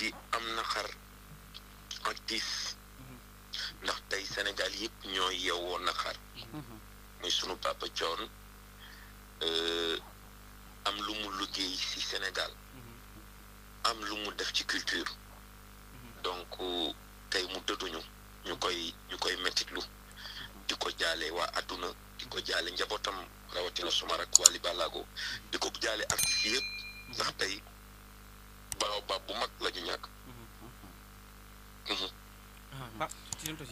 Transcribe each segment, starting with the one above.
di am na xar ak mm-hmm. ndax tey Sénégal yëpp ñoo yeewoo na xar mm-hmm. muy sunu papa Thione euh, am lu mu liggéey ci Sénégal mm-hmm. am lu mu def ci culture donc tey mu dëdduñu ñu koy ñu koy mettitlu di ko jaale waa àdduna di ko jaale njabootam rawatina suma rak Wally Ballago di ko jaale artiste yëpp ndax tey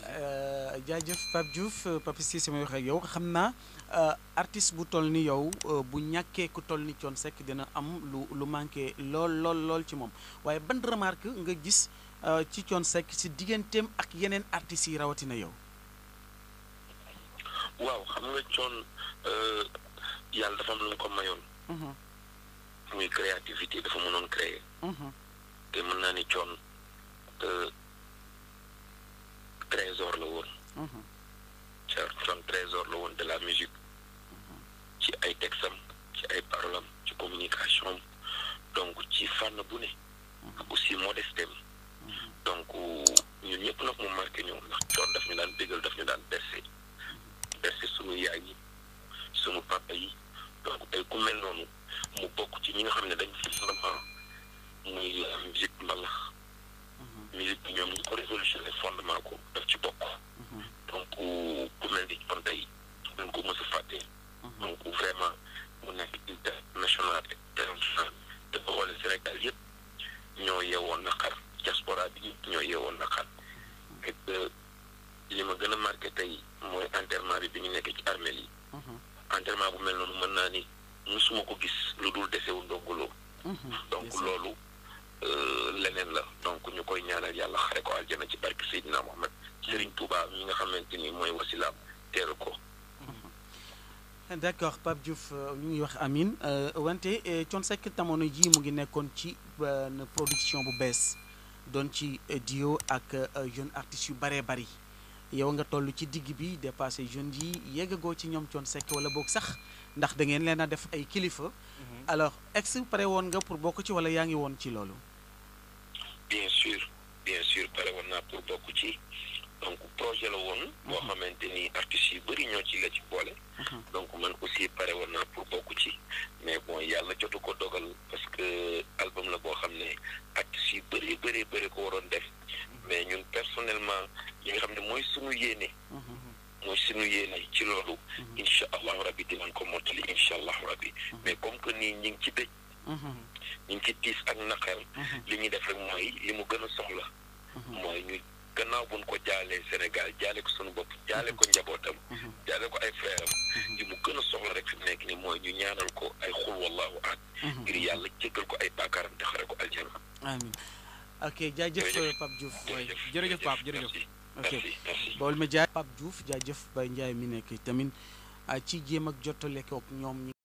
Euh, jaajëf Pape Diouf euh, Pape Cissé may wax ak yow xam naa euh, artiste bu toll ni yow bu ñàkkee ku toll ni Thione Seck dina am lu lu manqué lool lool lool ci moom waaye ban remarque nga gis ci coon Seck si digganteem ak yeneen artistes yi rawatina yow. waaw xam nga Thione yàlla dafa am lu mu ko mayoon. Mhm. muy créativité dafa mënoon créer. Mhm. te mën naa ni Thione. Mhm. Charlton Trésor la woon de la musique mhm. ci ay textam ci ay parolam ci communication am donc ci fànn bu ne mhm. ak aussi modestem donc ñun ñëpp nag mu marqué ñu ndax coon daf ñu daan bégal daf ñu daan bercé bercé suñu yaay yi suñu papa yi donc tey ku mel noonu mu bokk ci ñi nga xam ne dañ fi fondement muy la musique mbalax musique ñoom ñu ko révolutionné fondement ko tey mooy enterrement bi bi ñu nekkee ci armeel yi. Mhm. enterrement bu mel noonu mën naa ni suma ko gis lu dul desewu ndongoloo. Mhm. donc loolu euh, leneen la donc ñu koy ñaanal yàlla xare ko aljana ci barke Seydina Mohamed mhm. Serigne Touba mi nga xamante ni mooy wasilaam teeru ko. d' accord Pape Diouf euh, ñu ngi wax amin euh, wante Thione Seck tamono ji mu ngi nekkoon ci production bu bees doon ci duo ak jeune artistes yu baree bari. yow nga toll ci digg bi dépassé jeunes yi yeggagoo ci ñoom coon sekk wala boog sax ndax dangeen leen a def ay kilifa. Mhm. alors ex pare woon nga pour bokk ci wala yaa ngi woon ci loolu. bien sûr bien sûr pare woon naa pour bokk ci donc projet la woon. boo mhm. xamante ni artistes yéene mooy suñu yéene ci loolu mm-hmm. incha allahu rabbi dinañ ko mottali incha allahu rabbi mm-hmm. mais comme que nii ñi ngi ci dëj mm-hmm. ñi ngi ci tiis ak naqar li ñuy def rek mooy li mu gën a soxla mooy ñu gannaaw buñ ko jaalee Sénégal jaale ko sunu bopp jaale ko njabootam jaale ko ay frère am li mu gën a soxla rek fi mu nekk ni mooy ñu ñaanal ko ay xul wallahu ahad ngir yàlla jéggal ko ay baakaaram te xare ko aljana amiin ok jaajëf Pape Diouf jërëjëf Pape jërëjëf merci merci Baol Medias Pape Diouf jaajëf Baye Ndiaye mi nekk tamit ah, ci jéem ak jottale kook ñoom.